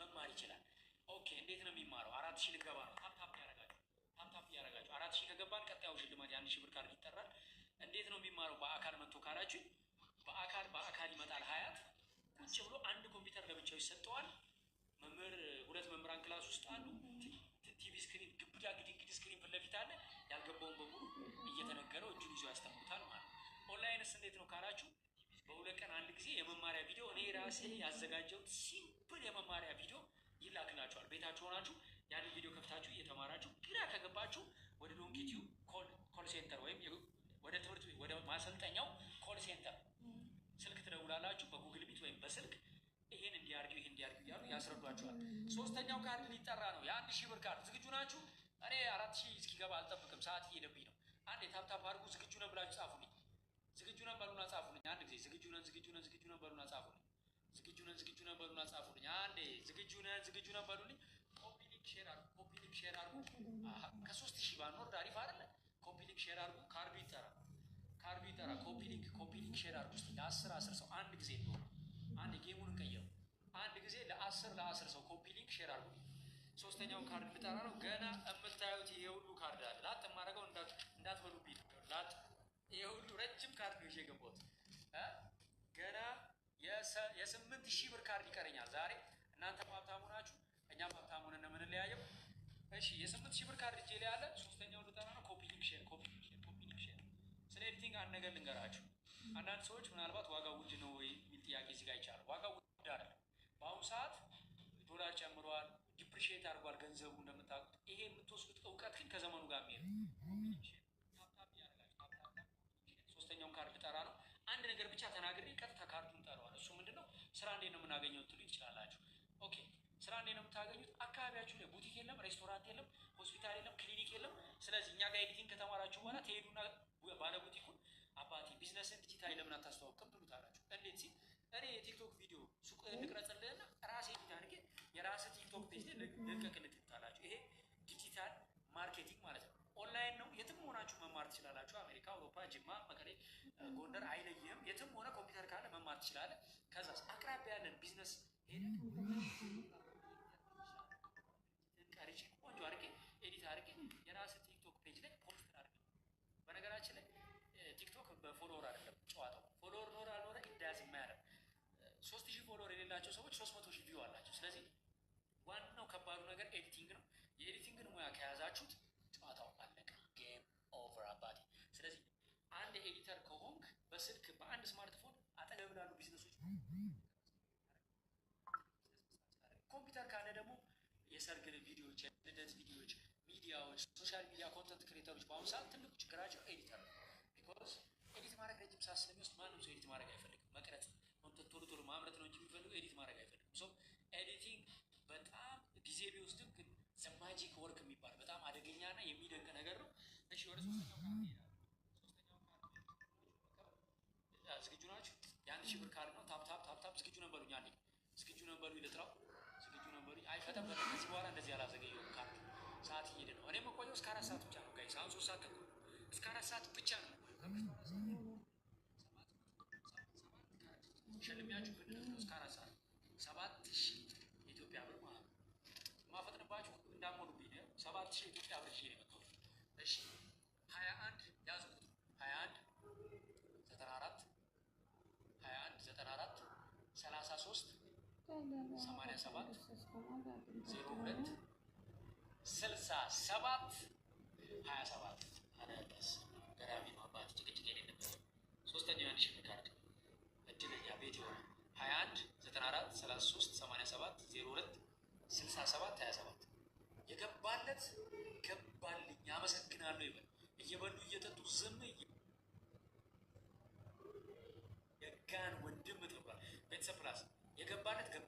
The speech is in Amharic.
መማር ይችላል። ኦኬ፣ እንዴት ነው የሚማረው? አራት ሺህ ልገባ ነው። ታፕታፕ ያደርጋችሁ፣ ታፕታፕ ያደርጋችሁ። አራት ሺህ ከገባን ቀጣዩ ሽልማት የአንድ ሺህ ብር ካርድ ይጠራል። እንዴት ነው የሚማረው? በአካል መጥቶ ካላችሁ በአካል በአካል ይመጣል። ሀያት ቁጭ ብሎ አንድ ኮምፒውተር ለብቻው ይሰጠዋል። መምህር ሁለት መምህራን ክላስ ውስጥ አሉ። ቲቪ ስክሪን ግብዳ ግድግድ ስክሪን ፊት ለፊት አለ። ያልገባውን በሙሉ እየተነገረው እጁን ይዞ ያስተምሩታል ማለት ነው። ኦንላይንስ እንዴት ነው ካላችሁ በሁለት ቀን አንድ ጊዜ የመማሪያ ራሴ ያዘጋጀሁት ሲምፕል የመማሪያ ቪዲዮ ይላክላችኋል። ቤታችሁ ሆናችሁ ያንን ቪዲዮ ከፍታችሁ እየተማራችሁ ግራ ከገባችሁ ወደ ሎንጊቲዩብ ኮል ሴንተር ወይም ወደ ትምህርት ቤት ወደ ማሰልጠኛው ኮል ሴንተር ስልክ ትደውላላችሁ። በጉግል ሚት ወይም በስልክ ይሄን እንዲያርጊ ይህን እንዲያርጊ እያሉ ያስረዷችኋል። ሶስተኛው ካርድ ሊጠራ ነው። የአንድ ሺህ ብር ካርድ ዝግጁ ናችሁ? እኔ አራት ሺህ እስኪገባ አልጠብቅም፣ ሰዓት እየሄደብኝ ነው። አንድ የታብታብ አድርጉ። ዝግጁ ነን ብላችሁ ጻፉልኝ። ዝግጁ ነን በሉና ጻፉልኝ። አንድ ጊዜ ዝግጁ ነን፣ ዝግጁ ነን፣ ዝግጁ ነን በሉና ጻፉልኝ። ዝግጁ ነን ዝግጁ ነን በሉና ጻፉልኝ። አንዴ ዝግጁ ነን ዝግጁ ነን በሉልኝ። ኮፒ ሊንክ ሼር አድርጉ። ኮፒ ሊንክ ሼር አድርጉ። ከሶስት ሺህ ባንወርድ አሪፍ አይደለ? ኮፒ ሊንክ ሼር አድርጉ። ካርዱ ይጠራ ካርዱ ይጠራ። ኮፒ ሊንክ ኮፒ ሊንክ ሼር አድርጉ። ውስጥ ለአስር አስር ሰው አንድ ጊዜ ነው አንድ ጌሙን እንቀየሩ። አንድ ጊዜ ለአስር ለአስር ሰው ኮፒ ሊንክ ሼር አድርጉ። ሶስተኛው ካርድ ልጠራ ነው። ገና የምታዩት ይሄ ሁሉ ካርድ አለ። ላጥ የማደርገው እንዳትበሉብኝ። ላጥ ይሄ ሁሉ ረጅም ካርድ የስምንት ሺህ ብር ካርድ ይቀረኛል ዛሬ። እናንተም ሀብታሙ ናችሁ፣ እኛም ሀብታሙን የምንለያየው እሺ የስምንት ሺህ ብር ካርድ እጄ ላይ አለ። ሶስተኛው ልጠና ነው። ኮፒ ሊንክ ሼር፣ ኮፒ ሊንክ ሼር፣ ኮፒ ሊንክ ሼር። ስለ ኤዲቲንግ አንድ ነገር ልንገራችሁ። አንዳንድ ሰዎች ምናልባት ዋጋ ውድ ነው ወይ የሚል ጥያቄ እዚህ ጋር ይቻላል። ዋጋ ውድ አይደለም። በአሁኑ ሰዓት ዶላር ጨምረዋል፣ ዲፕሪሽት አድርጓል ገንዘቡ እንደምታውቁት። ይሄ የምትወስዱት እውቀት ግን ከዘመኑ ጋር የሚሄድ ሶስተኛውን ካርድ ጠራ ነው። አንድ ነገር ብቻ ተናግሬ ቀጥታ እሱ ምንድነው ስራ እንዴት ነው የምናገኘው ትሉ ይችላላችሁ። ኦኬ ስራ እንዴት ነው የምታገኙት? አካባቢያችሁ ላይ ቡቲክ የለም፣ ሬስቶራንት የለም፣ ሆስፒታል የለም፣ ክሊኒክ የለም። ስለዚህ እኛ ጋር ኤዲቲንግ ከተማራችሁ በኋላ ትሄዱና ባለ ቡቲኩን አባቴ ቢዝነስን ዲጂታል ለምን አታስተዋውቅም ብሉታላችሁ። እንዴት ሲል እኔ የቲክቶክ ቪዲዮ ሱቅ እንቅረጽልህና ራሴ ዲት ግን የራስህ ቲክቶክ ፔጅ ልቀቅልህ ትሉታላችሁ። ይሄ ዲጂታል ማርኬቲንግ ማለት ነው። ኦንላይን ነው። የትም ሆናችሁ መማር ትችላላችሁ። አሜሪካ፣ አውሮፓ፣ ጅማ፣ መቀሌ፣ ጎንደር አይለይህም። የትም ሆነ ኮምፒውተር ካለ መማር ትችላለህ። ያለ ቢዝነስ ቀርጬ ቆንጆ አድርጌ ኤዲት አድርጌ የራስ ቲክቶክ ፔጅ ላይ ፖስት አድርጌ። በነገራችን ላይ ቲክቶክ በፎሎወር አይደለም ጨዋታው። ፎሎወር ኖረ አልኖረ የማያደርግ ሶስት ሺህ ፎሎወር የሌላቸው ሰዎች ሶስት መቶ ሺህ ቪው አላቸው። ስለዚህ ዋናው ከባዱ ነገር ኤዲቲንግ ነው። የኤዲቲንግን ሙያ ከያዛችሁት ጨዋታው አለቀ፣ ጌም ኦቨር አባቴ። ስለዚህ አንድ ኤዲተር ከሆንክ በስልክ በአንድ ስማርትፎን አጠገብ ላሉ ቢዝነሶች የሰርግ ቪዲዮዎች፣ የልደት ቪዲዮዎች፣ ሚዲያዎች፣ ሶሻል ሚዲያ ኮንተንት ክሬተሮች በአሁኑ ሰዓት ትልቁ ችግራቸው ኤዲተር ነው። ቢኮዝ ኤዲት ማድረግ ረጅም ሰዓት ስለሚወስድ ማንም ሰው ኤዲት ማድረግ አይፈልግም። መቅረጽ ኮንተንት ቶሎ ቶሎ ማምረት ነው እንጂ የሚፈልጉ ኤዲት ማድረግ አይፈልግም። ሶ ኤዲቲንግ በጣም ጊዜ ቢወስድም ግን ማጂክ ወርክ የሚባል በጣም አደገኛ እና የሚደንቅ ነገር ነው። እሺ ወደ ሶስተኛው ካርድ ይሄዳል። ዝግጁ ናችሁ? የአንድ ሺህ ብር ካርድ ነው። ታፕ ታፕ ታፕ ታፕ ዝግጁ ነበሩኝ አለኝ። ዝግጁ ነበሩ ይልጥራው አይ ከዚህ በኋላ እንደዚህ አላዘገየውም ካልክ ሰዓት እየሄደ ነው። እኔ መቆየው እስከ አራት ሰዓት ብቻ ነው ጋይስ። አሁን ሶስት ሰዓት ተኩል እስከ አራት ሰዓት ብቻ ነው። ሸልሚያችሁ ምንድነው እስከ አራት ሰዓት ሰባት ሺህ የኢትዮጵያ ብር ማለት ነው። ማፈጥንባችሁ እንዳሞሉብኝ ሰባት ሺህ የኢትዮጵያ ብር ይዤ ነው የመጣሁት። እሺ 87 02 67 27 አዳዲስ ገራሚ ነው። አባቱ ጭቅጭቅ የሌለበት ሶስተኛው የአንድ ሺህ ካርድ እድለኛ ቤት የሆነ 21 94 33 87 02 67 27 የገባለት ገባልኝ አመሰግናለሁ ይበል። እየበሉ እየጠጡ ዝም የጋን ወንድም ትባል ቤተሰብ ፕላስ የገባለት ገባ